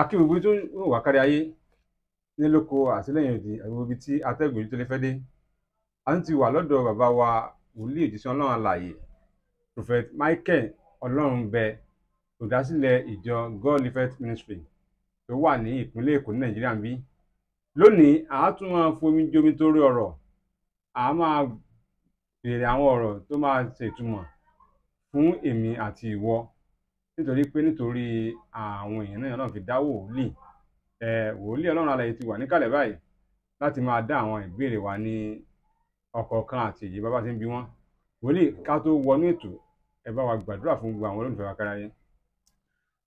akíngbogbo tó ń wà kárí ayé ní lóko àtìlẹ́yìn òdì àgbègbè tí atẹ́gùn tó lè fẹ́ dé a ti wà lọ́dọ̀ bàbá wa wòlíì òjíṣẹ́ ọlọ́run àlàyé prophet michael ọlọ́runbẹ olùdásílẹ̀ ìjọ god livet ministry tó wà ní ìpínlẹ̀ èkó ní nàìjíríà ń bí lónìí a tún máa fomi jomi torí ọ̀rọ̀ a máa béèrè àwọn ọ̀rọ̀ tó máa ṣètumọ̀ fún èmi àti ìwọ nítorí pé nítorí àwọn èèyàn náà Ọlọ́run fi dá wòlíì wòlíì Ọlọ́run alààyè ti wà níkàlẹ̀ báyìí láti máa dá àwọn ìbéèrè wa ní ọ̀kọ̀ọ̀kan àti èyí bàbá ti ń bi wọ́n wòlíì ká tó wọnú ètò ẹ bá wa gbàdúrà fún gbogbo àwọn olólùfẹ́ wa káráyé.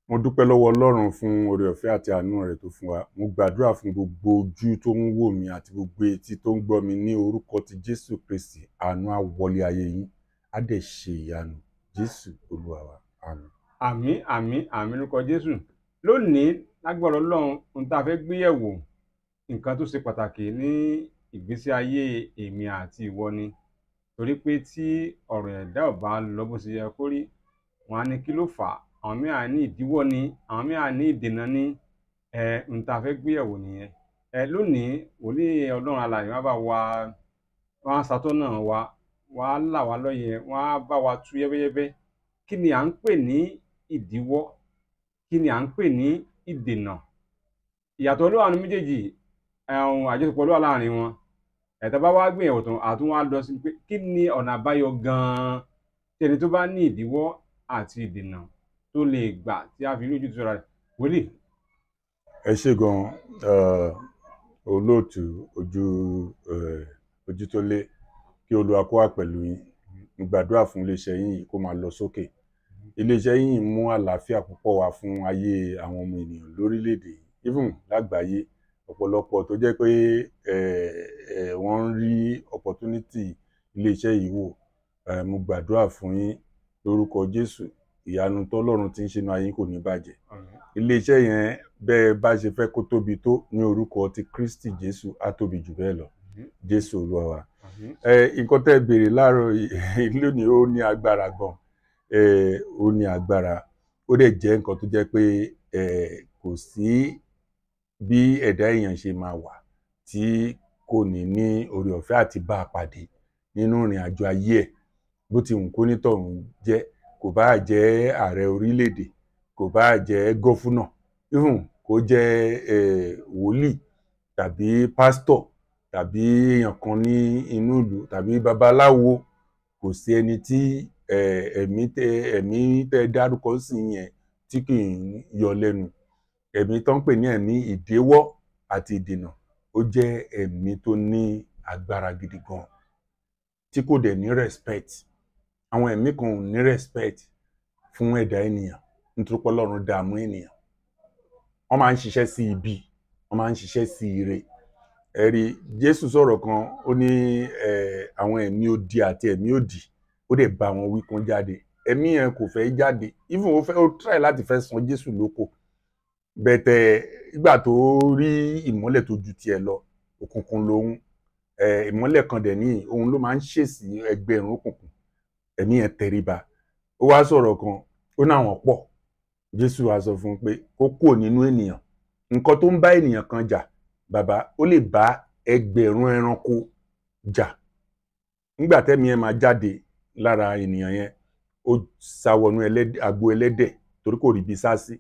mo dúpẹ́ lọ́wọ́ Ọlọ́run fún oore ọ̀fẹ́ àti àánú rẹ̀ tó fún wa mo gbàdúrà fún gbogbo ojú tó ń wò mí àti gbogbo etí tó ń gbọ́ mi ní orúkọ ti Jésù Kristi àánú á ayé yín á dẹ̀ ṣe ìyanu jésù olúwa wa àmín. àmín àmín àmín lórúkọ jésù lónìí lágbára ọlọ́run ohun tá a fẹ́ gbé yẹ̀wò nǹkan tó ṣe pàtàkì ní ìgbésí ayé èmi àti ìwọ ni torí pé tí ọ̀rọ̀ ẹ̀dá ò bá lọ bó ṣe yẹ kó rí wọn á ní kí ló fà á àwọn mìíràn ní ìdíwọ́ ni àwọn mìíràn ní ìdènà ni ẹ ohun tá a fẹ́ gbé yẹ̀wò nìyẹn ẹ lónìí wòlíì ọlọ́run alàyè má bá wa wọn á ṣàtọ́nà wa wọ́n á là wá lóye wọ́n á bá wa tú yẹ́bẹ́yẹ́bẹ́ kí ni à ń pè ní ìdíwọ́ kí ni à ń pè ní ìdènà ìyàtọ̀ olówó àwọn méjèèjì àjọṣepọ̀ olówó láàrin wọn ẹ̀tọ́ bá wá gbìyànjú tán àtún wá lọ sí pé kí ni ọ̀nà àbáyọ gan-an tí ẹni tó bá ní ìdíwọ́ àti ìdènà tó lè gbà tí a fi rí ojú tura rẹ̀ wòlíì. ẹ ṣe gan olóòtú ojú ojú tó lé kí Olúwa kó wà pẹ̀lú yín mo gbàdúrà fún iléeṣẹ́ yín kó máa lọ sókè iléeṣẹ́ yín mú àlàáfíà púpọ̀ wá fún ayé àwọn ọmọ ènìyàn lórílẹ̀‐èdè even lágbàáyé ọ̀pọ̀lọpọ̀ tó jẹ́ pé wọ́n ń rí opportunity iléeṣẹ́ yìí wò mo gbàdúrà fún yín lórúkọ Jésù ìyanu tọ́lọ́run ti ń ṣe inú ayé kò ní bàjẹ́ iléeṣẹ́ yẹn bẹ́ẹ̀ bá ṣe fẹ́ kó tóbi tó ní orúkọ ti Kristi Jésù á tóbi jù bẹ́ẹ̀ lọ jésù olúwa wa nǹkan tẹ́ ẹ béèrè láàárọ̀ lónìí ó ní agbára gan ó ní agbára ó dẹ̀ jẹ́ nǹkan tó jẹ́ pé kò sí bí ẹ̀dá èèyàn ṣe máa wà tí kò ní ní oore ọ̀fẹ́ àti bá a pàdé nínú ìrìn àjò ayé ẹ̀ bó ti wù kó nítọ̀hún jẹ́ kò bá jẹ́ ààrẹ orílẹ̀-èdè kò bá jẹ́ gọ́fúnà even jẹ́ wòlíì tàbí pásítọ̀ tàbí èèyàn kan ní inú ìlú tàbí babaláwo kò sí ẹni tí ẹ̀mí tẹ ẹ̀mí tẹ dárúkọ sí yẹn tí kì í yọ lẹ́nu ẹ̀mí tó ń pè ní ẹ̀mí ìdíwọ́ àti ìdènà ó jẹ́ ẹ̀mí tó ní agbára gidi gan tí kò dẹ̀ ní respect àwọn ẹ̀mí kan ò ní respect fún ẹ̀dá ènìyàn nítorí pé Ọlọ́run dààmú ènìyàn wọ́n máa ń ṣiṣẹ́ sí ibi wọ́n máa ń ṣiṣẹ́ sí ire ẹ̀rí jésù sọ̀rọ̀ kan ó ní àwọn ẹ̀mí odi àti ẹ̀mí òdì ó dẹ̀ bá wọn wí kún jáde ẹ̀mí yẹn kò fẹ́ jáde even ó fẹ́ ó try láti fẹ́ san jésù lóko bẹ̀tẹ̀ ìgbà tó rí ìmọ́lẹ̀ tó ju tiẹ̀ lọ òkùnkùn lòun ìmọ́lẹ̀ kan dẹ̀ ní òun ló máa ń ṣèṣì ẹgbẹ̀rún òkùnkùn ẹ̀mí yẹn tẹríba ó wá sọ̀rọ̀ kan ó náwọn pọ̀ jésù wá sọ fún un pé kó nínú ènìyàn nǹkan tó ń bá ènìyàn kan jà bàbá ó lè bá ẹgbẹ̀rún ẹranko jà nígbà tẹ́mi ẹ máa jáde lára ènìyàn yẹn ó sá wọnú agbo ẹlẹ́dẹ̀ torí kò rí bí sá sí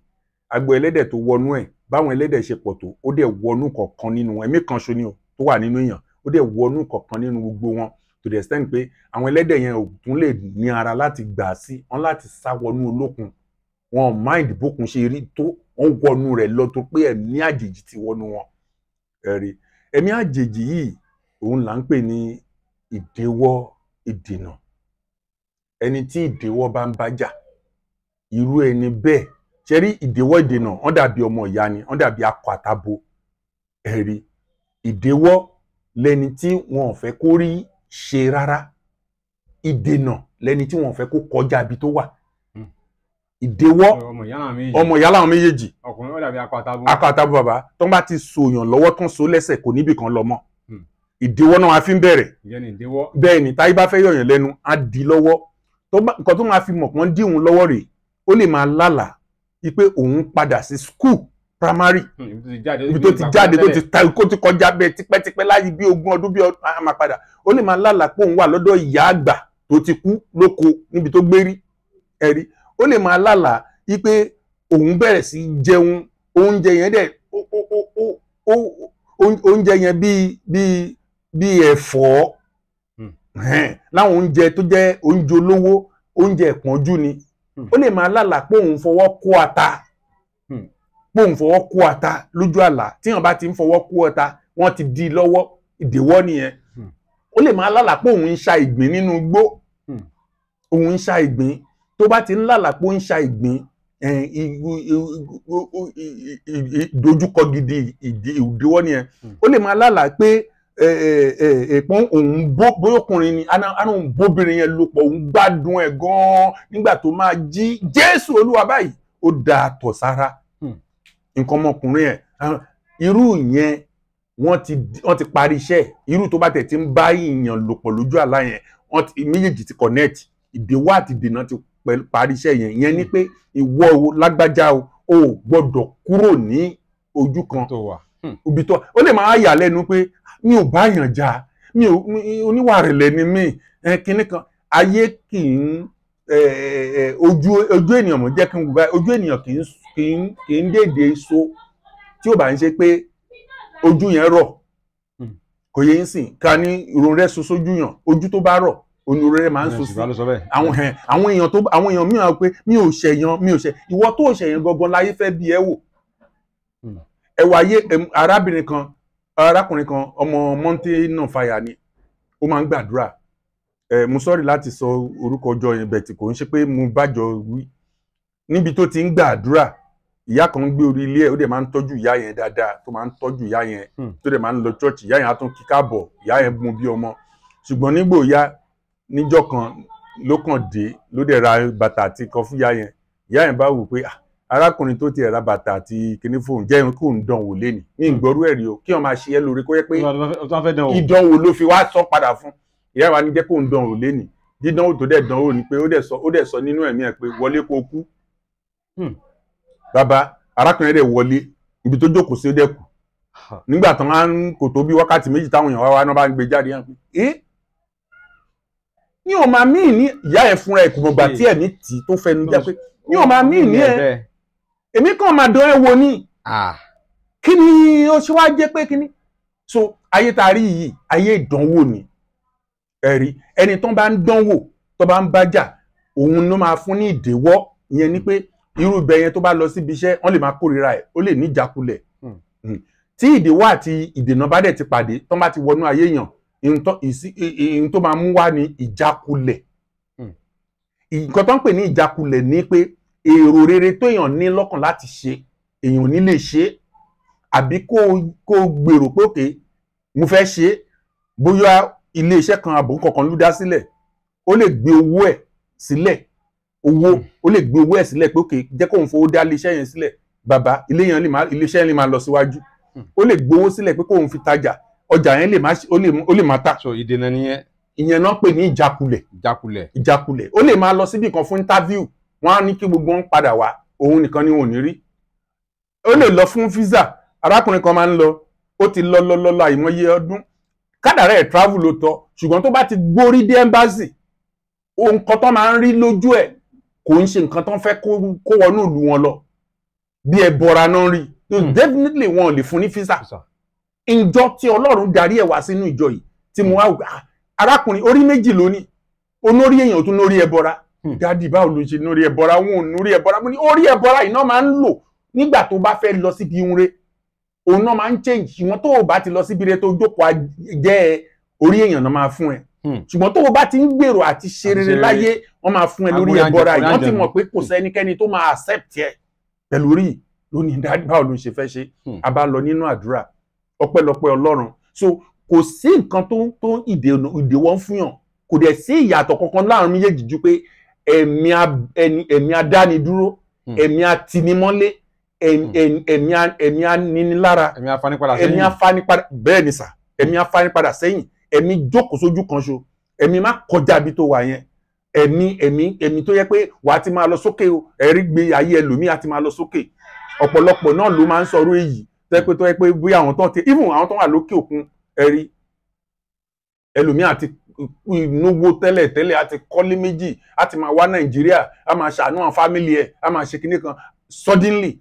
agbo ẹlẹ́dẹ̀ tó wọnú ẹ̀ báwọn ẹlẹ́dẹ̀ ṣe pọ̀ tó ó dẹ̀ wọnú kọ̀ọ̀kan nínú wọn ẹ̀mí kan ṣo ni o tó wà nínú èèyàn ó dẹ̀ wọnú kọ̀ọ̀kan nínú gbogbo wọn to the extent pé àwọn ẹlẹ́dẹ̀ yẹn ò tún lè ní ara láti gbà sí wọn láti sá wọnú olókun wọn mind bókun ṣe rí tó wọn wọnú rẹ̀ lọ tó pé ẹ̀mí àjèjì ti wọnú wọn ẹ̀rí ẹ̀mí àjèjì yìí òun là ń pè ní ìdíwọ́ ìdènà ẹni tí ìdíwọ́ bá ń bájà irú ẹni bẹ́ẹ̀ ṣe rí ìdíwọ́ ìdènà wọ́n dàbí ọmọ ìyá ni wọ́n dàbí akọ àtabo ẹ̀rí ìdíwọ́ lẹni tí wọn ò fẹ́ kó rí ṣe rárá ìdènà lẹni tí wọn ò fẹ́ kó kọjá ibi tó wà ìdéwọ́ ọmọ ìyá làwọn méjèèjì akọ̀tàbù bàbá tó ń bá ti sòyàn lọ́wọ́ tán so lẹ́sẹ̀ kò níbì kan lọ mọ́ hmm. ìdéwọ́ náà a fi ń bẹ̀rẹ̀ bẹ́ẹ̀ ni táyé bá fẹ́ yọ̀yàn lẹ́nu á di lọ́wọ́ nǹkan tó máa fi mọ̀ pọ́n díhun lọ́wọ́ rèé ó lè máa lálàá wípé òun padà sí school primary hmm, ibi tó ti jáde tó ti kó ti kọjá bẹ́ẹ̀ tipẹ́tipẹ́ láyé bí ogún ọdún bí ọdún á máa padà ó lè máa lálàá pé ó lè máa lálàá wípé òun bẹ̀rẹ̀ sí jẹun oúnjẹ yẹn dẹ̀ oúnjẹ yẹn bíi bíi bíi ẹ̀fọ́ hmm. láwọn oúnjẹ tó jẹ́ oúnjẹ olówó oúnjẹ ẹ̀pọ́njú ni hmm. ó lè máa lálàá pé òun fọwọ́ kó ata hmm. pé òun fọwọ́ kó ata lójú àlá tíyàn bá ti ń fọwọ́ kó ata wọ́n ti di lọ́wọ́ ìdèwọ́ nìyẹn ó lè máa lálàá pé òun ń ṣa ìgbín nínú igbó òun ń ṣa ìgbín tó bá ti ń lálàpọ̀ ń ṣa ìgbín ìdojúkọ gidi ìdíwọ́ nìyẹn hmm. ó lè máa lálàá pé èpọ́n òun bó bóyókùnrin ni àná òun bóbìnrin yẹn lò pọ̀ òun gbádùn ẹ̀ gan-an nígbà tó máa jí Jésù Olúwa báyìí ó da àtọ̀ sára hmm. nǹkan ọmọkùnrin ẹ̀ irú yẹn wọ́n ti wọ́n ti parí iṣẹ́ irú tó bá tẹ̀ ti ń bá èèyàn lò pọ̀ lójú àlá yẹn méjèèjì ti connect ìdíwọ́ àti ìdènà ti pẹ̀lú parí iṣẹ́ yẹn ìyẹn ni hmm. pé ìwọ o lágbájá o ò gbọ́dọ̀ kúrò ní ojú kan hmm. ibi tó ó lè máa yà lẹ́nu pé mi ò bá yàn já mi ò oníwà rẹ̀lẹ̀ ni mí kinní kan ayé kì í ojú ojú ènìyàn mọ̀ jẹ́ kí n gbà ojú ènìyàn kì í dédé so tí ò bá ń ṣe pé ojú yẹn rọ̀ hmm. kò yẹ ń sìn ká ní ìròrẹ́ sosojú yàn ojú tó bá rọ̀ onurere máa ń sùn sí àwọn àwọn èèyàn tó àwọn èèyàn mìíràn pé mi ò ṣẹ̀yàn mi ò ṣẹ̀ ìwọ tó ṣẹ̀yàn gangan láyé fẹ́ bí ẹ wò hmm. ẹwà ayé arábìnrin kan arákùnrin kan ọmọ mountain fire ni ó máa ń gbàdúrà ẹ mo sọrí láti sọ orúkọ ọjọ́ yẹn bẹ̀tì kò ń ṣe pé mo bájọ wí níbi tó ti ń gbàdúrà ìyá kan ń gbé orí ilé ẹ ó dẹ̀ máa ń tọ́jú ìyá yẹn dáadáa tó máa ń tọ́jú ìyá yẹn hmm. tó dẹ̀ máa ń lọ church ìyá yẹn á tún kíkà bọ̀ ìyá yẹn mú bí ọmọ ṣùgbọ́n nígbò ya níjọ́ kan ló kàn dé ló dẹ̀ ra bàtà àti kan fún ìyá yẹn ìyá yẹn bá wò pé ah, arákùnrin tó ti ra bàtà àti kíní fóun jẹ́ irun kò ń dánwò léni ní ìgbọ́rú hmm. ẹ̀ rí o kí wọ́n máa ṣe é lórí kó yẹ pé ìdánwò ló fi wá sọ padà fún ìyá wa ní jẹ́ kó ń dánwò léni dídánwò tó dẹ̀ dánwò ni pé ó dẹ̀ sọ ó dẹ̀ sọ nínú ẹ̀mí ẹ̀ pé wọlé kó kú hmm. bàbá arákùnrin rẹ̀ wọlé ibi tó jókòó sí ó dẹ̀ kù nígbà tán kò tó bí wákàtí méjì táwọn èèyàn wá wá náà bá ń gbé jáde yẹn pé Ni o máa míì ní ìyá ẹ̀ fúnra ẹ̀ kò gbọ̀gbà tí ẹ̀ ní tì tó fẹnu jẹ pé ní o máa míì ní ẹ̀ èmi kàn máa dán ẹ wo ni kí ni ó ṣe wá jẹ́ pé kí so aye tá a rí yìí ayé ìdánwò ni ẹ̀rí ẹni tó bá ń dánwò tó bá ń bájà òun ló máa fún ní ni pé irú ibẹ̀ yẹn tó bá lọ síbi iṣẹ́ wọ́n lè máa kórìíra ẹ̀ ó lè ní ìjákulẹ̀ hmm. Hmm. tí ìdíwọ́ àti ìdènà bá dẹ̀ ti pàdé tó bá ti wọnú ayé yàn ìyìn tó máa mú wá hmm. ní ìjákulẹ̀ nǹkan tó ń pè ní ni pé èrò rere tó èèyàn ní lọ́kàn láti ṣe èèyàn ní lè ṣe àbí kó o gbèrò pé òkè mo fẹ́ ṣe bóyá iléeṣẹ́ kan àbò kankan ló dá sílẹ̀ ó lè gbé owó ẹ̀ sílẹ̀ owó hmm. ó lè gbé owó ẹ̀ sílẹ̀ pé òkè jẹ́ kóun fowó dá iléeṣẹ́ yẹn sílẹ̀ bàbá iléeṣẹ́ yẹn lè máa lọ síwájú hmm. ó lè gbowó sílẹ̀ pé kóun fi tajà ọjà yẹn lè má ó lè má tà. so ìdènà nìyẹn. ìyẹn náà pè ní ìjákulẹ̀. ìjákulẹ̀. ìjákulẹ̀ ó lè máa lọ síbi kan fún interview wọn á ní kí gbogbo wọn padà wá òun nìkan ni wọn ò ní rí. ó lè lọ fún visa arákùnrin kan máa ń lọ ó ti lọ lọ lọ lọ àìmọye ọdún kádàrá ẹ̀ travel ló tọ́ ṣùgbọ́n tó bá ti gbórí dé embassy ohun kan tó máa ń rí lójú ẹ̀ kò ń ṣe nǹkan tó fẹ́ kó wọnú ìlú wọn lọ bí ẹ bọra náà rí so hmm. definitely wọn ò lè fún ní visa. visa ìjọ tí ọlọ́run darí ẹ̀ wá sínú ìjọ yìí tí mo wá wà ah, arákùnrin orí méjì lónìí onórí èèyàn tún lórí ẹbọra hmm. dádì báwo ló ṣe lórí ẹbọra wọn ò lórí ẹbọra mo ní orí ẹbọra iná máa ń lò nígbà tó bá fẹ́ lọ síbi ire òun náà máa ń change ṣùgbọ́n tó o bá ti lọ síbi ire tó jókòó jẹ́ orí èèyàn náà máa fún ẹ hmm. ṣùgbọ́n tó o bá ti ń gbèrò àti ṣe rere láyé wọ́n máa fún ẹ lórí ẹbọra yìí wọ́n ti mọ̀ pé kò sẹ́nikẹ́ni tó máa accept ẹ pẹ̀lú rí lónìí dádì báwo ló ṣe fẹ́ ṣe hmm. a bá lọ nínú àdúrà ọpẹ́lọpẹ́ Ọlọ́run so kò sí nǹkan tó tó ìdènà ìdèwọ́ fún yàn kò dẹ̀ sí ìyàtọ̀ kankan láàrin méjèèjì ju pé ẹ̀mí ẹ̀mí adánidúró hmm. ẹ̀mí atinimọ́lé hmm. ẹ̀mí aninilára ẹ̀mí afánipadà bẹ́ẹ̀ ni sà ẹ̀mí afánipadà sẹ́yìn ẹ̀mí jókòó sójú kan ṣo ẹ̀mí má kọjá bí tó wà yẹn ẹ̀mí ẹ̀mí ẹ̀mí tó yẹ pé wàá ti máa lọ sókè o ẹ̀rí gbé ayé ẹlòmíì á ti máa lọ sókè ọ̀pọ̀lọpọ̀ náà ló máa ń sọ̀rọ̀ èyí tẹ́ pé tọ́ pé bí àwọn tán ti even àwọn tán wà lókè òkun ẹ̀rí ẹlòmíà àti ìnúwó tẹ́lẹ̀ tẹ́lẹ̀ àti kọ́lé méjì àti máa wá nàìjíríà a máa ṣàánú àwọn fámìlì ẹ̀ a máa ṣe kinní kan suddenly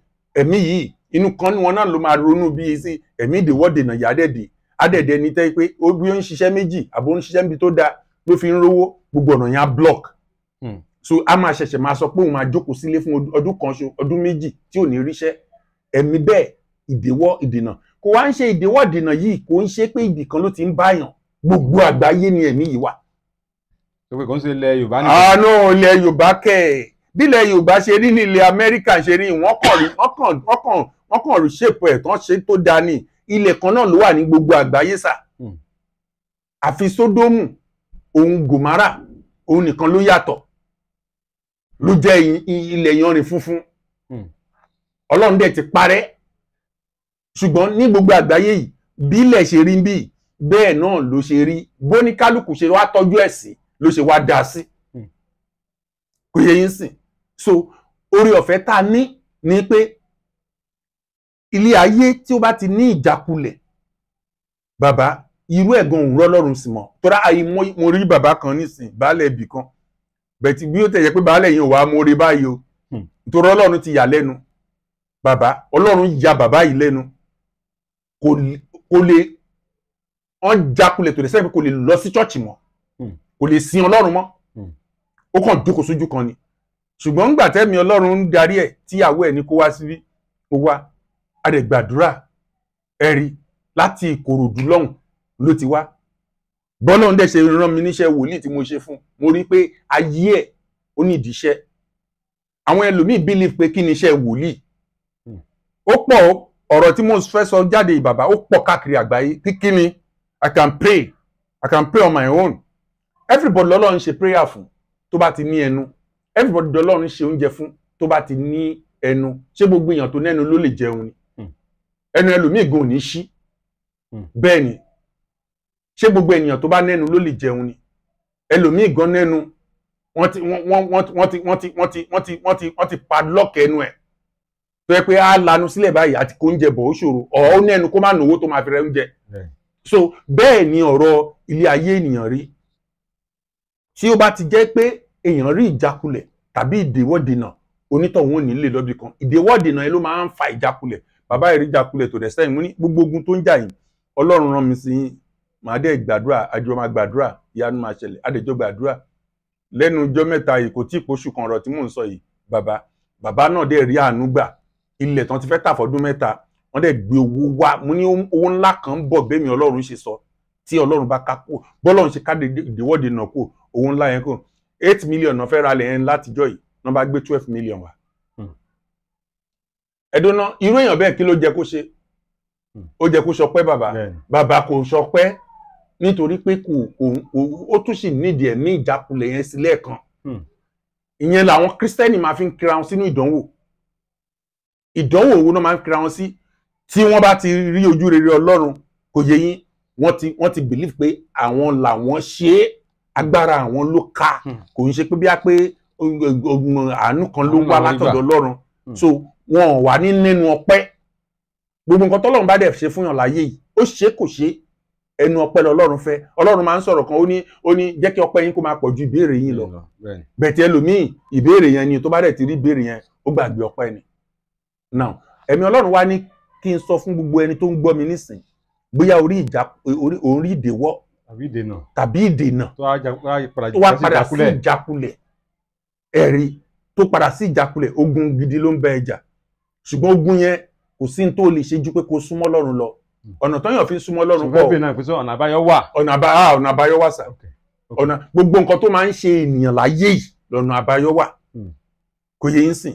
ẹ̀mí yìí inú kan ní wọn náà ló máa ronú bí i sí ẹ̀mí ìdèwọ́dè nàyà àdẹ̀dẹ̀ àdẹ̀dẹ̀ ni tẹ́ pé ó bí ó ń ṣiṣẹ́ méjì àbó ń ṣiṣẹ́ níbi tó dáa ló fi ń rówó gbogbo ọ̀nà yẹn á block hmm. so a máa ṣẹ̀ṣẹ̀ máa sọ pé òun máa jókòó sílé fún ọdún kan ṣo ọdún méjì tí ò ní ríṣẹ́ ẹ̀mí bẹ́ẹ̀ ìdíwọ́ ìdènà kò wá ń ṣe ìdíwọ́ ìdènà yìí kò ń ṣe pé ibì kan ló ti ń báyàn gbogbo àgbáyé ni ẹ̀mí yìí wà. òwe kò ń ṣe ilẹ̀ Yorùbá nìkan. àánú ah, ilẹ̀ Yorùbá kẹ̀ bí ilẹ̀ Yorùbá ṣe rí ní ilẹ̀ Amẹ́ríkà ṣe rí wọ́n kàn wọ́n kàn rí ṣèpọ̀ ẹ̀ tán ṣe tó da ni ilẹ̀ kan náà ló wà ní gbogbo àgbáyé sà hmm. àfi Sódómù òun Gòmárà òun nìkan ló yàtọ̀ ló hmm. jẹ́ ilẹ̀ yanrìn funfun hmm. ọlọ́run dẹ̀ ti parẹ́ ṣùgbọ́n ní gbogbo àgbáyé yìí bí ilẹ̀ ṣe rí bí bẹ́ẹ̀ náà ló ṣe rí bóníkálùkù ṣe wá tọ́jú ẹ̀ sí ló ṣe wá dá sí hmm. kò yẹ yín sìn so orí ọ̀fẹ́ tá a ní ni pé ilé ayé tí ó bá ti ní ìjákulẹ̀ bàbá irú ẹ̀gan òwúrọ̀ lọ́rùn sì mọ̀ tọ́ra ayé mo rí bàbá kan nísìn baálé ibì kan bẹ̀tì bí ó tẹ̀ yẹ pé baálé yìí ò wá mo rí báyìí o nítorí hmm. ọlọ́run ti yà lẹ́nu bàbá ọlọ́run ya bàbá yìí lẹ́nu kò lè wọ́n jakulẹ̀ tòlẹ́sẹ̀ pé kò lè lọ sí chọ́ọ̀chì mọ́ hmm. kò lè sin ọlọ́run mọ́ hmm. ó kàn jókòó sójú kan ni ṣùgbọ́n ńgbà tẹ́mi ọlọ́run ń darí ẹ̀ tíyàwó ẹ̀ ní kó wá síbí kó wá àdẹ̀gbàdúrà ẹ̀rí láti ìkòròdú lọ́hùn ló ti wá bọ́lọ́run dẹ̀ ṣe rán mi níṣẹ́ wòlíì tí mo ṣe fún mo rí pé ayé ẹ̀ ó ní ìdíṣẹ́ àwọn ẹlòmíì bílíf pé kí ni iṣẹ́ wòlíì hmm. ó pọ̀ ọ̀rọ̀ tí mo fẹ́ sọ jáde ìbàbà ó pọ̀ káàkiri àgbáyé kíkí ni i can pray i can pray on my own everybody lọ́lọ́run ṣe prayer fún tó bá ti ní ẹnu everybody lọ́lọ́run ṣe oúnjẹ fún tó bá ti ní ẹnu ṣé gbogbo èèyàn tó nẹ́nu ló lè jẹun ni hmm. ẹnu ẹlòmíì gan ò ṣí hmm. bẹ́ẹ̀ ni ṣé gbogbo ènìyàn tó bá nẹ́nu ló lè jẹun ni ẹlòmíì gan nẹ́nu wọ́n ti wọ́n ti wọ́n ti wọ́n ti wọ́n ti wọ́n ti wọ́n ti padlock ẹnu ẹ̀ tó yẹ pé á lanu sílẹ̀ báyìí àti kó oúnjẹ bọ̀ ó ṣòro ọ̀ ní ẹnu kó má nówó tó máa fi rẹ oúnjẹ so bẹ́ẹ̀ ni ọ̀rọ̀ ilé ayé ènìyàn rí tí ó bá ti jẹ́ pé èèyàn rí ìjákulẹ̀ tàbí ìdèwọ́dènà onítọ̀hún ò lè lọ́bì kan ìdèwọ́dènà yẹn ló máa ń fa ìjákulẹ̀ bàbá ìrí ìjákulẹ̀ tó dẹ̀ sẹ́yìn mú ní gbogbo ogun tó ń jà yìí ọlọ́run rán mi sí yín màá dẹ̀ gbàdúrà àjọ máa gbàdúrà ìyanu máa ṣẹlẹ̀ àdèjọ gbàdúrà lẹ́nu ọjọ́ mẹ́ta yìí kò tí ì pọ̀ṣù kan ọ̀rọ̀ tí mò ń sọ yìí bàbá bàbá náà dẹ̀ rí àánú gbà ilẹ̀ tán ti fẹ́ tà fọ́dún mẹ́ta wọ́n dẹ̀ gbé owó wá mo ní owó ńlá kan bọ̀ bẹ́mi ọlọ́run ṣe sọ tí ọlọ́run bá ká kú bọ́lọ́run ṣe ká ìdíwọ́de náà kú owó ńlá yẹn kù eight million náà fẹ́ ra lẹ̀ yẹn látijọ́ yìí náà bá gbé twelve million wá. Hmm. ẹ̀dùnà irú èèyàn bẹ́ẹ̀ kí ló jẹ́ kó ṣe hmm. ó jẹ́ kó sọpẹ́ bàbá bàbá kò sọpẹ́ nítorí pé kò kò ó tún sì nídìí ẹ̀ ní ìjákulẹ̀ yẹn sílẹ̀ kan hmm. ìyẹn làwọn kírísítẹ́nì máa fi ń kira wọn sínú ìdánwò ìdánwò owó náà máa ń kíra wọn sí tí wọ́n bá ti rí ojú rere Ọlọ́run kò yẹ yín wọ́n ti wọ́n ti believe pé àwọn làwọn ṣe é agbára àwọn ló ká hmm. kò ń ṣe pé bí pé àánú kan ló wá látọ̀dọ̀ Ọlọ́run hmm. so wọn ò wà ní nínú ọpẹ́ gbogbo nǹkan tọ́lọ́run bá dẹ̀ ṣe fún yàn láyé yìí ó ṣe kò ṣe ẹnu ọpẹ́ lọ́lọ́run fẹ́ Ọlọ́run máa ń sọ̀rọ̀ kan ó ní ó ní jẹ́ kí ọpẹ́ yín kó máa pọ̀ ju ìbéèrè yín lọ bẹ̀tẹ̀ ẹlòmíì ìbéèrè yẹn ni tó bá dẹ̀ ti rí ìbéèrè yẹn ó gbàgbé ọpẹ́ ni now ẹ̀mí ọlọ́run wá ní kí n sọ fún gbogbo ẹni tó ń gbọ́ mi nísìn bóyá orí ìjà orí ìdèwọ́ tàbí ìdènà tó wá padà sí ìjákulẹ̀ ẹ̀rí tó padà sí ìjákulẹ̀ ogun gidi ló ń bẹ ẹjà ṣùgbọ́n ogun yẹn kò sí tó lè ṣe ju pé kó súnmọ́ lọ́run lọ hmm. ọ̀nà tọ́yàn fi súnmọ́ lọ́run pọ̀ ọ̀nà àbáyọ wà ọ̀nà ah, àbáyọ wà sà ọ̀nà gbogbo nǹkan tó máa ń ṣe ènìyàn láyé yìí lọ́nà àbáyọ wà hmm. kò yẹ ń sìn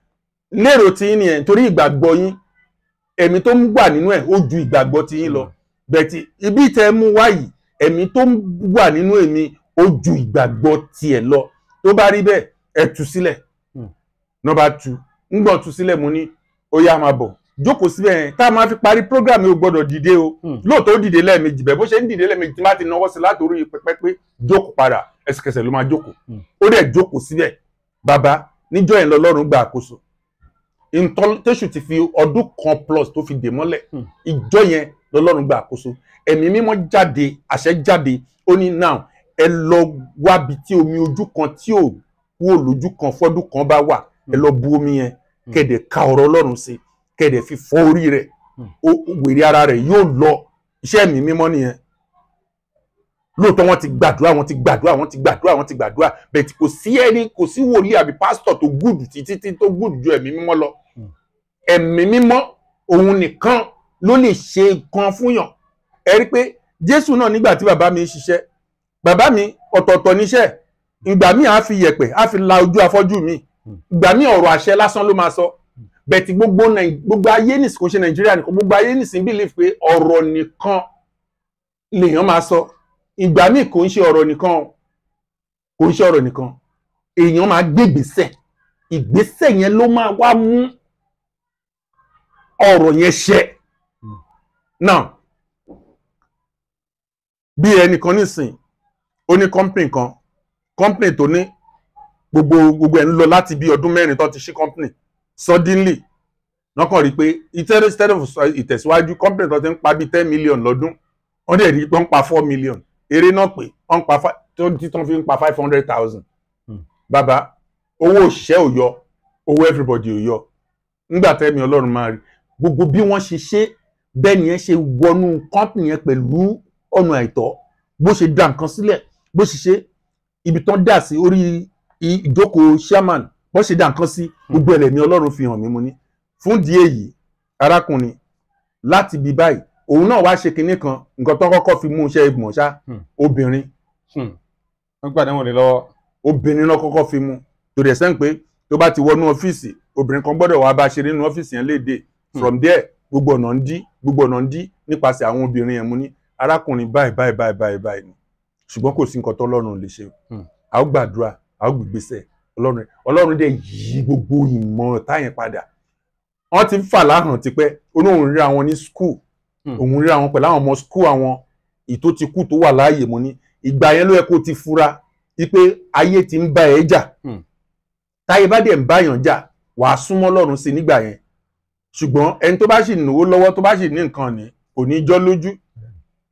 lérò tí yín nìyẹn torí ìgbàgbọ́ yín ẹ̀mí tó ń wà nínú ẹ̀ ó ju ìgbàgbọ́ tí yín lọ bẹ̀tì ibi tẹ́ mú wáyìí ẹ̀mí tó ń wà nínú ẹ̀mí ó ju ìgbàgbọ́ tiẹ̀ lọ tó bá rí bẹ́ẹ̀ ẹ tú sílẹ̀ hmm. nọmba two ńgbọ́n tú sílẹ̀ mo ní ó yá máa bọ̀ jókòó síbẹ̀ yẹn tá a máa fi parí program yóò gbọ́dọ̀ dìde o hmm. lóòótọ́ ó dìde lẹ́ẹ̀mejì bẹ́ẹ̀ bó ṣe ń dìde lẹ́ẹ̀mejì tí wọ́n ti nawọ́ sí látòrí pẹ́pẹ́ pé jókòó padà ẹsẹ̀kẹsẹ̀ ló máa jókòó hmm. ó dẹ̀ jókòó síbẹ̀ bàbá níjọ́ yẹn lọ́lọ́run gba àkóso tẹ́sù ti fi ọdún kan plus tó fi dè mọ́lẹ̀ hmm. ìjọ yẹn lọ́lọ́run gba àkóso ẹ̀mí mímọ́ jáde àṣẹ jáde ó ní now ẹ lọ wábi tí omi ojú kan tí ò wò lójú kan fọ́dún kan bá wà ẹ lọ bu omi yẹn hmm. kẹ̀dẹ̀ ka ọ̀rọ̀ ọlọ́run sí kẹ̀dẹ̀ fi fọ́ orí rẹ̀ hmm. wèrè ara rẹ̀ yóò lọ iṣẹ́ ẹ̀mí mímọ́ nìyẹn lóòótọ́ wọ́n ti gbàdúrà wọ́n ti gbàdúrà wọ́n ti gbàdúrà wọ́n ti gbàdúrà bẹ̀ẹ̀ tí kò sí ẹni kò sí wòlíì àbí pásítọ̀ tó gùdù títí tó gùdù ju ẹ̀mí mímọ́ lọ ẹ̀mí mímọ́ òun nìkan ló lè ṣe nǹkan fúnyàn ẹ rí pé jésù náà nígbà tí bàbá mi ṣiṣẹ́ bàbá mi ọ̀tọ̀ọ̀tọ̀ níṣẹ́ ìgbà míì á fi yẹ̀pẹ̀ á fi la ojú afọ́jú mi ìgbà míì ọ̀rọ̀ àṣẹ lásán ló máa sọ bẹ̀tì gbogbo gbogbo ayé nìsín kò ṣe nàìjíríà nìkan gbogbo ayé nìsín believe pé ọ̀rọ̀ nìkan lèèyàn máa sọ ìgbà míì kò ń ṣe ọ̀rọ̀ nìkan kò ń ṣe ọ̀rọ̀ nìkan èèyàn máa gbé ìgbésẹ̀ ìgbésẹ̀ yẹn ló máa wá mú ọ̀rọ̀ yẹn ṣẹ hmm. now bí ẹnìkan nísìn ó ní company kan company tó ní gbogbo gbogbo ẹ̀ ń lọ láti bí ọdún mẹ́rin tó ti ṣí company suddenly wọ́n kàn rí i pé instead of ìtẹ̀síwájú company tó ti ń pa bíi ten million lọ́dún wọ́n dẹ̀ rí i pé wọ́n pa four million èrè náà pé wọ́n ń pa tí wọ́n fi ń pa five hundred thousand hmm. bàbá owó òṣìṣẹ́ ò yọ owó everybody ò yọ nígbà tẹ́mi ọlọ́run máa rí gbogbo bí wọ́n ṣe ṣe bẹ́ẹ̀ nìyẹn ṣe wọnú company yẹn pẹ̀lú ọ̀nà àìtọ́ bó ṣe dá nǹkan sílẹ̀ bó ṣe ṣe ibi tán dà sí orí ìjókòó chairman bó ṣe dá nǹkan sí gbogbo ẹlẹ́mí ọlọ́run fi hàn mí mo ní fún di èyí arákùnrin láti bí báyìí òun náà wá ṣe kinní kan nǹkan tó kọ́kọ́ fi mú iṣẹ́ ìgbọ̀n ṣá hmm. obìnrin wọ́n hmm. gbà dáwọn lè lọ́wọ́. obìnrin náà kọ́kọ́ fi mu torí ẹ̀sẹ̀ ń pé tó bá ti wọnú ọ́fíìsì obìnrin kan gbọ́dọ̀ wàá bá ṣe nínú ọ́fíìsì yẹn léde Hmm. from there gbogbo ọ̀nà ń dí gbogbo ọ̀nà ń dí nípasẹ̀ àwọn obìnrin yẹn mo ní arákùnrin báyìí báyìí báyìí báyìí báyìí ni ṣùgbọ́n kò sí nǹkan tọ́lọ́run lè ṣe hmm. a ó gbàdúrà a ó gbègbèsẹ̀ ọlọ́run ọlọ́run dẹ̀ yí gbogbo ìmọ̀ táyẹn padà wọ́n ti ń fà láhàn tipẹ́ olóhùn ríra wọn ní skul hmm. òun ríra wọn pẹ̀lú àwọn ọmọ skul àwọn ìtó ti kú tó wà láàyè mo ní ìgbà yẹn ló yẹ kó ti fura wípé ayé ti ń bá ẹ jà táyé bá dẹ̀ ń báyàn jà wàá súnmọ́ ọlọ́run sí nígbà yẹn ṣùgbọ́n ẹni tó bá sì náwó lọ́wọ́ tó bá sì ní nǹkan ni kò ní jọ́ lójú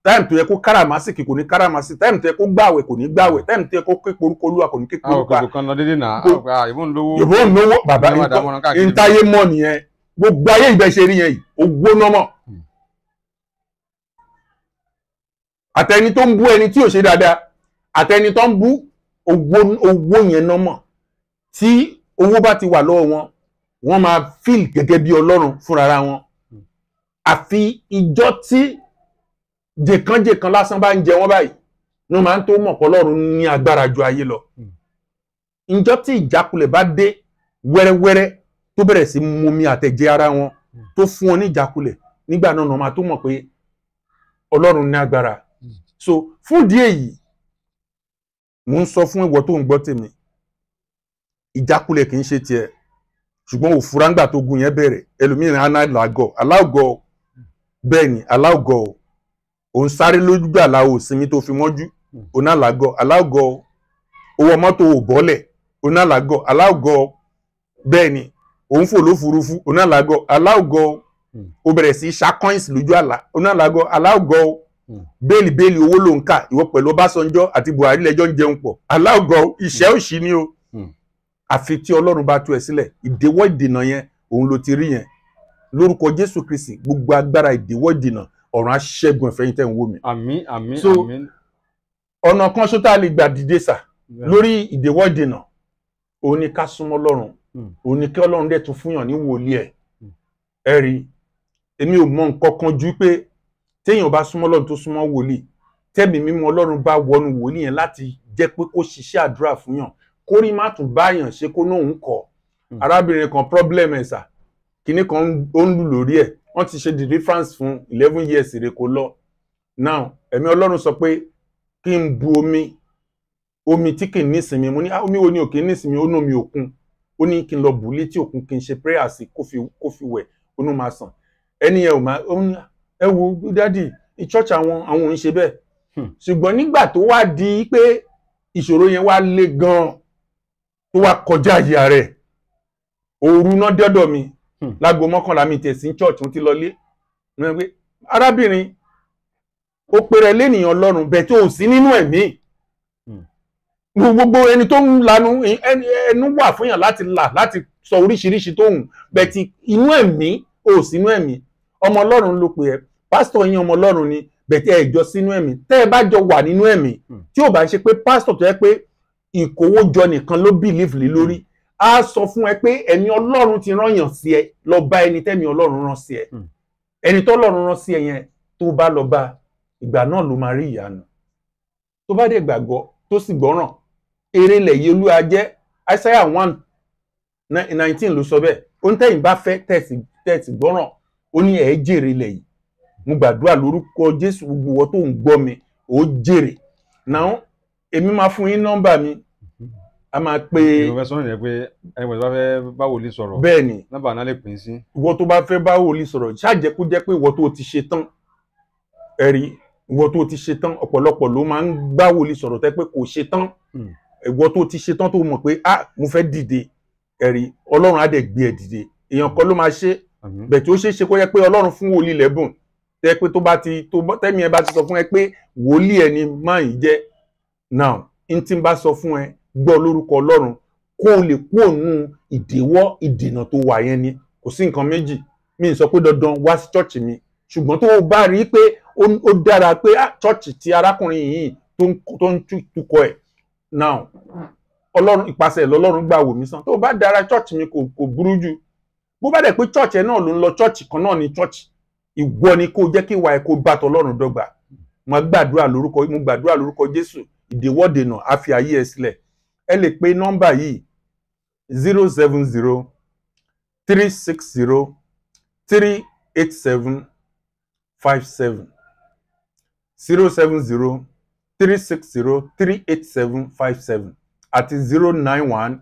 táìmù tó yẹ kó káràmásìkì kò ní káràmásì táìmù tó yẹ kó gbàwẹ̀ kò ní gbàwẹ̀ táìmù tó yẹ kó ké porúkọ olúwa kò ní ké porúkọ. àwọn kòkòkan lọ dédé náà ìbò ah, lówó ìbò lówó bàbá ìntayé mọ nìyẹn gbogbo ayé ìbẹ ṣe rí yẹn yìí ó gbóná mọ. Hmm. àtẹni tó ń bú ẹni tí ò ṣe dáadáa àtẹni tó ń bú owó yẹn náà mọ tí owó bá ti wà lọ́wọ́ wọn wọ́n máa feel gẹ́gẹ́ bí ọlọ́run fúnra wọn hmm. àfi ìjọ tí jẹ̀kanjẹ̀kan lásán bá ń jẹ wọ́n báyìí ni wọ́n máa ń tó mọ̀ pọ́lọ́run ní agbára ju ayé lọ ìjọ hmm. tí ìjákulẹ̀ bá dé wẹ́rẹ́wẹ́rẹ́ tó bẹ̀rẹ̀ sí momi àtẹ̀jẹ́ ara wọn hmm. tó fún wọn ní ìjákulẹ̀ nígbà náà máa tó mọ̀ pé ọlọ́run ní agbára so fún ìdí èyí mo ń sọ fún ìwọ tó ń gbọ́ tèmi ìjákulẹ̀ kì í ṣe tiẹ̀ ṣùgbọ́n òfurá ńgbà tó gun yẹn bẹ̀rẹ̀ ẹlòmíràn aná làgọ̀ aláàgọ̀ bẹ́ẹ̀ ni aláàgọ̀ ò ń sáré lójúgbà làwọn òsinmi tó fi mọ́jú oná làgọ̀ aláàgọ̀ owó mọ́tò ò bọ́lẹ̀ oná làgọ̀ aláàgọ̀ bẹ́ẹ̀ ni òun fò lófurufú oná làgọ̀ aláàgọ̀ ó bẹ̀rẹ̀ sí ṣakọ́ìns lójú àlá oná làgọ̀ aláàgọ̀ bẹ́ẹ̀lì bẹ́ẹ̀lì owó ló ń kà ìwọ pẹ̀lú Ọbásanjọ́ àti Buhari lẹ́jọ́ ń jẹun pọ̀ aláàgọ̀ ìṣẹ́ òṣì ni o. Mm àfi tí ọlọ́run bá tú ẹ sílẹ̀ ìdíwọ́ ìdènà yẹn òun ló ti rí yẹn lórúkọ jésù kristi gbogbo agbára ìdíwọ́ ìdènà ọ̀run aṣẹ́gun ẹ̀fẹ̀yìn tẹ̀ ń wò mí. àmín àmín so ọ̀nà kan sótà lè gbà dìde sà lórí ìdíwọ́ ìdènà òun ni ká súnmọ́ ọlọ́run hmm. òun ni kí ọlọ́run dẹ̀ tún fúnyàn ní wòlíì ẹ̀ hmm. ẹ rí èmi ò mọ nǹkan kan ju pé téèyàn bá súnmọ́ ọlọ́run tó súnmọ́ wòlíì tẹ́mi mímọ́ ọlọ́run bá wọnú wòlíì yẹn láti jẹ́ pé kó ṣiṣẹ́ àdúrà fúnyàn kó rí má tún báyàn ṣe kó náà ń kọ arábìnrin kan problem ẹ̀ sà kinní kan ó ń lù lórí ẹ̀ wọ́n ti ṣe deliverance fún eleven years rẹ̀ kó lọ now ẹ̀mí ọlọ́run sọ pé kí n bu omi omi tí kì í nísinmi mo ní ah, omi wo ni ò kì í nísinmi ó ní omi òkun ó ní kí n lọ bù létí òkun kí n ṣe prayer sí kó fi kó fi wẹ̀ ó ní máa sàn ẹni ẹ ò máa ó ní ẹ wo dádì ìchọ́ọ̀chì àwọn àwọn òun ṣe bẹ́ẹ̀ hmm. ṣùgbọ́n nígbà tó wá di pé ìṣòro yẹn wá le gan tó wá kọjá ayé ààrẹ òru náà dẹ́dọ̀ mi hmm. lágbo mọ́kànlá mi tẹ̀sí ní church mo ti lọ lé arábìnrin ó pèrè lénìyàn lọ́rùn bẹ́ẹ̀ tó ò sí nínú ẹ̀mí hmm. gbogbo ẹni tó ń lanu ẹnu wà fún yàn láti là láti sọ oríṣiríṣi tó hùn bẹ́ẹ̀ ti inú ẹ̀mí ò sínú ẹ̀mí ọmọ ọlọ́run ló pè ẹ́ pásítọ̀ yín ọmọ ọlọ́run ni bẹ̀tẹ̀ ẹ̀jọ́ sínú ẹ̀mí tẹ́ ẹ bá jọ wà nínú ẹ̀mí hmm. tí ò bá ń ṣe pé pásítọ̀ tó yẹ pé ìkówójọ nìkan ló bìlíf lé lórí á sọ fún ẹ pé ẹ̀mí ọlọ́run ti rányàn sí ẹ lọ bá ẹni tẹ́mi ọlọ́run rán sí ẹ hmm. ẹni tọ́lọ́run rán sí ẹ yẹn tó bá lọ bá ìgbà náà ló máa rí ìyanu tó bá dẹ̀ gbàgbọ́ tó sì gbọ́ràn eré ilẹ̀ yìí olúwa Isaiah one nineteen ló sọ bẹ́ẹ̀ ó ń tẹ̀yìn bá fẹ́ tẹ̀sí gbọ́ràn ó ní ẹ̀ jèrè ilẹ̀ yìí mo gbàdúrà lórúkọ Jésù gbogbo wọn tó ń gbọ́ mi ó jèrè náà èmi máa fún yín nọ́mbà mi a máa pe. ìròyìn sọ́nà yẹn pé ẹni tó bá fẹ́ bá wòlíì sọ̀rọ̀ bẹ́ẹ̀ ni nọ́mbà náà lè pín sí. ìwọ tó bá fẹ́ bá wòlíì sọ̀rọ̀ ṣáàjẹ́kú jẹ́ pé ìwọ tó ti ṣe tán ẹ̀rí ìwọ tó ti ṣe tán ọ̀pọ̀lọpọ̀ ló máa ń bá wòlíì sọ̀rọ̀ tẹ́ pé kò ṣe tán hmm. ìwọ tó ti ṣe tán tó mọ̀ pé ah mo fẹ́ dìde ẹ̀rí ọlọ́run á dẹ̀ gbé ẹ̀ dìde èèyàn kan ló máa ṣe bẹ̀ tí ó ṣeé ṣe kó yẹ pé ọlọ́run fún wòlíì lẹ́bùn tẹ́ pé tó bá ti tẹ́mi ẹ bá ti sọ fún ẹ pé wòlíì ẹni máa ń jẹ́ now in tí n bá sọ fún ẹ gbọ́ lórúkọ ọlọ́run kó o lè kú òun ìdíwọ́ ìdènà tó wà yẹn ni kò sí nǹkan méjì mi ń sọ pé dandan wá sí mi ṣùgbọ́n tó o bá rí i pé ó dára pé ah, ti arákùnrin yìí tó ń tukọ̀ ẹ̀ now ọlọ́run ìpasẹ̀ lọ́lọ́run gbà wò mí sàn tó bá dára church mi kò kò burú jù bó bá dẹ̀ church ẹ náà ló ń church kan náà ni church ìwọ ni kó jẹ́ kí ìwà ẹ̀ kó bá tọlọ́run dọ́gba mo gbàdúrà lórúkọ mo gbàdúrà lórúkọ Jésù ìdíwọ́dènà a fi ayé ẹ sílẹ̀ ẹ lè pe nọ́mbà yìí zero seven zero three six zero three eight seven five seven zero seven zero three six zero three eight seven five seven àti zero nine one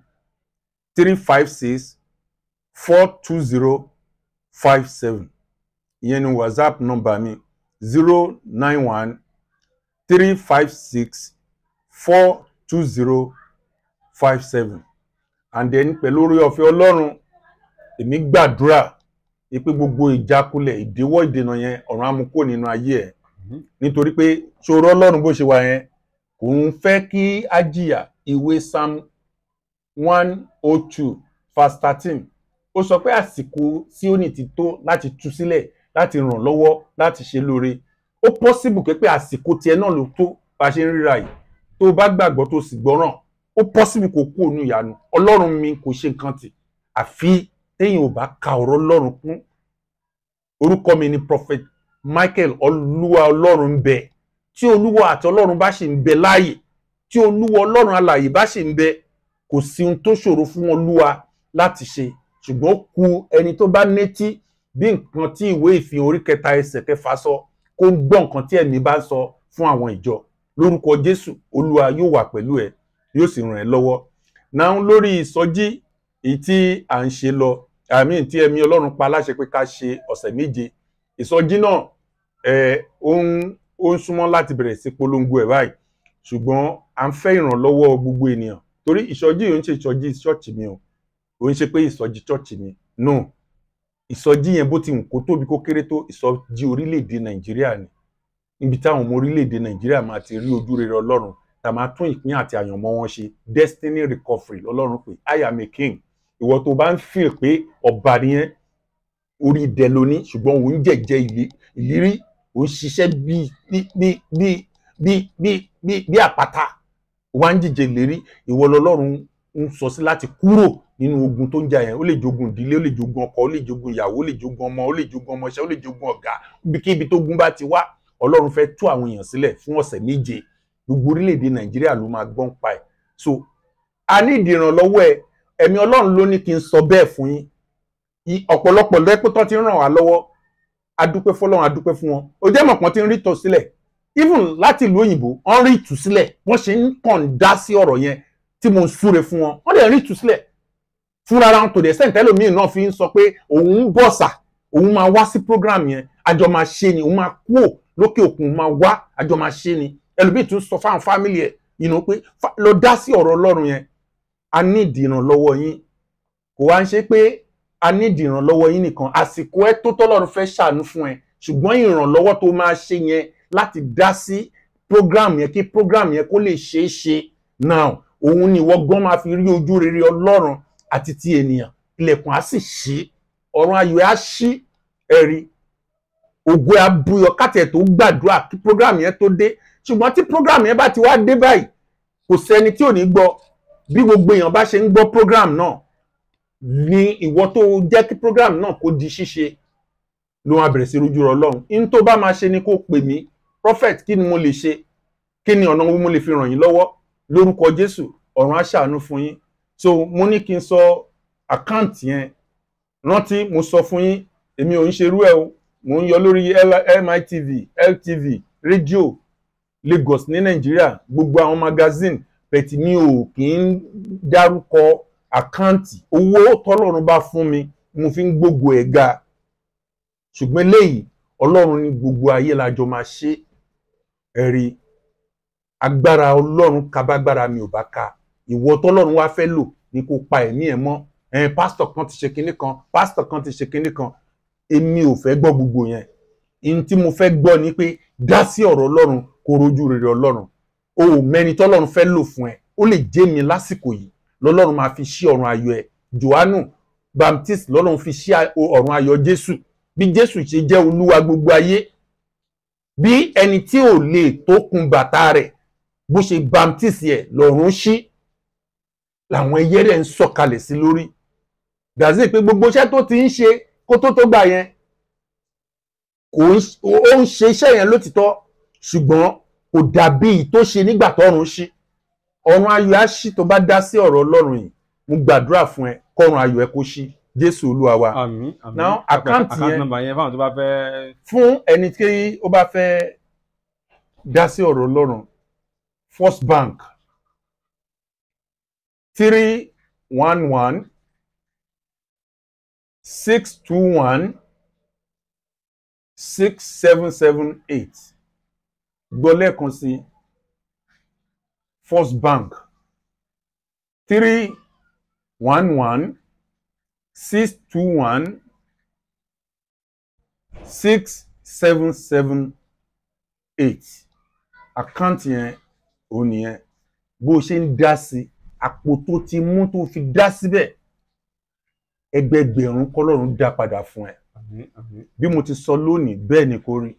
three five six four two zero five seven ìyẹn ni whatsapp nọ́mbà mi zero nine one three five six four two zero five seven and then pẹ̀lú orí ọ̀fẹ́ ọlọ́run èmi gbàdúrà pé gbogbo ìjákulẹ̀ ìdíwọ́ ìdènà yẹn ọ̀run amukó nínú ayé ẹ̀ mm-hmm. nítorí pé ṣòro ọlọ́run bó ṣe wà yẹn kò ń fẹ́ kí á ìwé psalm one oh two verse thirteen ó sọ pé àsìkò síónì ti tó láti tú sílẹ̀ láti ràn lọ́wọ́ láti ṣe lóore ó possible pé pé àsìkò tiẹ̀ náà ló tó bá ṣe ń ríra yìí tó o bá gbàgbọ́ tó o sì gbọ́ràn ó pọ́sibù kó kú ònú ìyanu ọlọ́run mi kò ṣe nǹkan tì àfi téèyàn ò bá ka ọ̀rọ̀ ọlọ́run kún orúkọ mi ni prophet michael olúwa ọlọ́run ń bẹ tí olúwa àti ọlọ́run bá sì ń bẹ láàyè tí olúwa ọlọ́run alààyè bá sì ń bẹ kò sí ohun tó ṣòro fún olúwa láti ṣe ṣùgbọ́n ku ẹni tó bá nétí bí nǹkan tí ìwé ìfihàn orí kẹta ẹsẹ̀ kẹfà sọ kó ń gbọ́ nǹkan tí ẹ̀mí bá sọ fún àwọn ìjọ lórúkọ jésù olúwa yóò wà pẹ̀lú ẹ yóò sì ràn ẹ́ lọ́wọ́ náà lórí ìsọjí èyí à ń ṣe lọ àmì tí ẹmí ọlọ́run pa láṣẹ pé ká ṣe ọ̀sẹ̀ méje ìsọjí náà ó ń súnmọ́ láti bẹ̀rẹ̀ sí polongo ẹ̀ báyìí ṣùgbọ́n à ń gbogbo ènìyàn torí ìsọjí yìí ń ṣe ìsọjí ṣọ́ọ̀chì mi o ń ṣe pé ìsọjí ṣọ́ọ̀chì no ìsọjí yẹn bó ti kó tóbi kó kéré tó ìsọjí ni níbi táwọn ọmọ orílẹ̀-èdè nàìjíríà máa ti rí ojú rere ọlọ́run tá a máa tún ìpín àti àyànmọ́ wọn ṣe destiny recovery lọ́lọ́run pé i am a king ìwọ tó bá ń feel pé ọba nìyẹn orí ìdẹ lóní ṣùgbọ́n òun jẹ̀jẹ̀ ìlérí òun ṣiṣẹ́ bíi bíi bíi bíi bíi bíi bíi àpáta wá ń jìjẹ ìlérí ìwọ lọ́lọ́run ń sọ sí láti kúrò nínú ogun tó ń jà yẹn ó lè jogun ìdílé ó lè jogun ọkọ ó lè jogun ìyàwó ó lè jogun ọmọ ó lè jogun ọmọọṣẹ́ ó lè jogun ọ̀gá ibikíbi tó gun bá ti wá ọlọ́run fẹ́ tú àwọn èèyàn sílẹ̀ fún ọ̀sẹ̀ méje gbogbo orílẹ̀-èdè nàìjíríà ló máa gbọ́n pa ẹ̀ so a ní ìdìrànlọ́wọ́ ẹ ẹ̀mí ọlọ́run ló ní kí n sọ bẹ́ẹ̀ fún yín ọ̀pọ̀lọpọ̀ lẹ́pẹ́tọ́ ti ràn wá lọ́wọ́ adúpẹ́ fọlọ́run adúpẹ́ fún wọn ó jẹ́ mọ̀pọ́n ti ń rí ìtọ́sílẹ̀ even láti ìlú òyìnbó wọ́n rí ìtúsílẹ̀ wọ́n ṣe ń kàn dá sí ọ̀rọ̀ yẹn tí mo ń súre fún wọn wọ́n dẹ̀ rí ìtúsílẹ̀ fúnra ra wọn tòdẹ̀ sẹ́ǹtẹ́lòmíì náà fi ń sọ pé òun ń bọ̀sà òun máa wá sí program yẹn àjọ máa ṣe ni òun máa kúò lókè òkun máa wá àjọ máa ṣe ni ẹlòmíì tún sọ fáwọn fámìlì ẹ̀ yìí nù pé lọ dá sí ọ̀rọ̀ ọlọ́run yẹn a ní ìdìrànlọ́wọ́ yín kò wá ń ṣe pé a ní ìdìrànlọ́wọ́ yín nìkan àsìkò ẹ tó tọ́lọ́run fẹ́ ṣàánú fún ẹ ṣùgbọ́n ìrànlọ́wọ́ tó máa ṣe yẹn láti dá sí program yẹn kí program yẹn kó lè ṣeé ṣe now òun ni ìwọ gan máa fi rí ojú rere ọlọ́run àti ti ènìyàn ilẹ̀kùn á sì ṣí ọ̀run ayọ̀ á ṣí ẹ̀rí ògo abuyọ kátẹ tó gbàdúrà kí program yẹn tó dé ṣùgbọ́n tí program yẹn bá ti wá dé báyìí kò sẹ́ni tí ò ní gbọ́ bí gbogbo èèyàn bá ṣe ń gbọ́ program náà ni ìwọ tó jẹ́ kí program náà kó di ṣíṣe ló máa bẹ̀rẹ̀ sí rojú Ọlọ́run in tó bá máa ṣe ni kó pè mí prophet kini ni mo lè ṣe kí ni ọ̀nà mo lè fi ràn yín lọ́wọ́ lórúkọ Jésù ọ̀run á ṣàánú fún so mo ní kí n sọ àkáǹtì yẹn rántí mo sọ fún yín èmi ò ń ṣerú ẹ o mò ń yọ lórí mitv ltv rédíò lagos ní nàìjíríà gbogbo àwọn magazine pẹ̀tì mi ò kì í dárúkọ àkáǹtì owó tọ́lọ́run bá fún mi mo fi ń gbógo ẹ̀ ga ṣùgbọ́n eléyìí ọlọ́run ní gbogbo ayé la jọ máa ṣe ẹ̀rí agbára ọlọ́run kábágbára mi ò bá ka ìwọ tọ́lọ́run wá fẹ́ lò ní kó pa ẹ̀mí ẹ̀ mọ́ pásítọ̀ kan ti ṣe kinní kan pásítọ̀ kan ti ṣe kinní kan èmi ò fẹ́ gbọ́ gbogbo yẹn ihun tí mo fẹ́ gbọ́ ni pé dá sí ọ̀rọ̀ ọlọ́run kó rojú rere ọlọ́run o ò mẹ́ni tọ́lọ́run fẹ́ lò fún ẹ ó lè jẹ́ mi lásìkò yìí lọ́lọ́run máa fi ṣí ọ̀run ayọ̀ ẹ johannu baptist lọ́lọ́run fi ṣí ọ̀run ayọ̀ jésù bí jésù ṣe jẹ́ olúwa gbogbo ayé bí ẹni tí ò lè tó kun bàtà rẹ̀ bó ṣe baptist yẹ lọ́run ṣí làwọn ẹyẹ rẹ̀ ń sọ̀kalẹ̀ sí lórí dàzí pé gbogbo iṣẹ́ tó ti ń ṣe kó tó tó gbà yẹn kò ó ń ṣe iṣẹ́ yẹn lótìtọ́ ṣùgbọ́n kò dàbí tó ṣe nígbà tọ́run ṣí ọ̀run ayọ̀ á ṣí tó bá dá sí ọ̀rọ̀ Ọlọ́run yìí mo gbàdúrà fún ẹ kọ́run ayọ̀ ẹ kó ṣí Jésù Olúwa now account yẹn fún ẹni tí ó bá fẹ́ dá sí ọ̀rọ̀ Ọlọ́run First Bank three one one six two one six seven seven eight gbọ́ lẹ́ẹ̀kan sí First Bank three one one six two one six seven seven eight àkáǹtì yẹn òun nìyẹn bó o ṣe ń dá sí àpò tó ti mú tó fi dá síbẹ̀ ẹgbẹgbẹ̀rún kọ́lọ́run dá padà fún ẹ bí mo ti sọ lónìí bẹ́ẹ̀ ni kò rí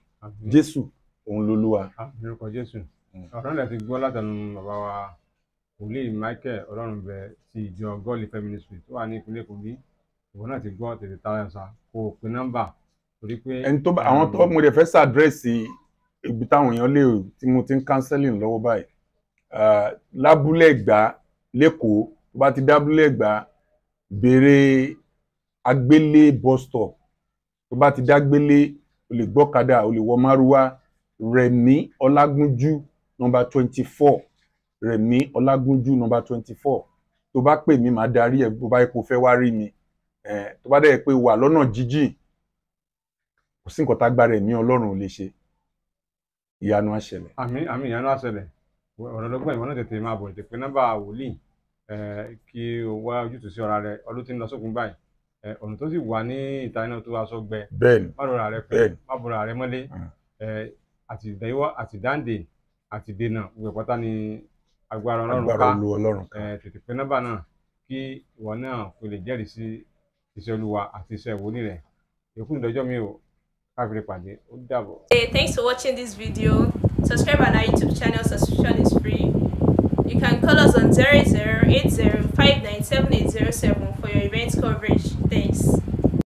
jésù òun lolúwa. lórúkọ jésù hmm. ọ̀rọ̀ náà ti gbọ́ látẹnu bàbá wa wòlíì michael ọlọ́runbẹ ti ìjọ gọ́ọ̀lì fẹ́mínísì tó wà ní ìpínlẹ̀ kogi ìwọ náà ti gbọ́ tètè tara ẹ̀sà kó o pe nọ́mbà torí pé. ẹni tó àwọn tó mo lè fẹ́ sàdírẹ́sì ibi táwọn èèyàn lè tí mo ti ń kánsẹ́lìn lọ́wọ́ báyìí lábúlé ẹ̀gbá lẹ́kọ̀ọ́ bá ti dábúlé ẹ̀gbá béèrè agbélé bus stop tó bá ti dágbélé o lè gbọ́kadà o lè wọ márúwá rẹ̀mí ọlágúnjú nọmba twenty four rẹ̀mí ọlágúnjú nọmba twenty four tó bá pè mí màá darí ẹ bó bá epo fẹ́ wá rí mi tó bá dẹ̀ pé wà lọ́nà jíjìn kò sí nǹkan tágbára ẹ̀mí ọlọ́run ò lè ṣe ìyanu á ṣẹlẹ̀. àmín ìyanu á ọ̀rọ̀ lọ́gbọ́n ìwọ náà tètè máa bọ̀ tètè nọ́mbà wòlíì Eh, kí o wá ojútùú sí ọ̀rá rẹ ọdún tí ń lọ sókun báyìí eh, ọ̀nà tó sì wà ní ìta iná tó aṣọ gbẹ bẹ́ẹ̀ni rẹ pẹ́ má rẹ mọ́lé ah. eh, àtìdáyíwọ́ àtìdáǹdè àtìdènà ìwẹ̀pọ̀tà ni agbára ọlọ́run ká tètè pé nọ́mbà náà kí ìwọ náà kò lè jẹ́rìí sí iṣẹ́ olúwa àti iṣẹ́ ìwòlì rẹ̀ èkú ìdọ́jọ́ mi ò káfíńrì pàdé ó dàbọ̀. hey thanks for watching this video subscribe our youtube channel subscription is free. Call us on 0080 for your event coverage. Thanks.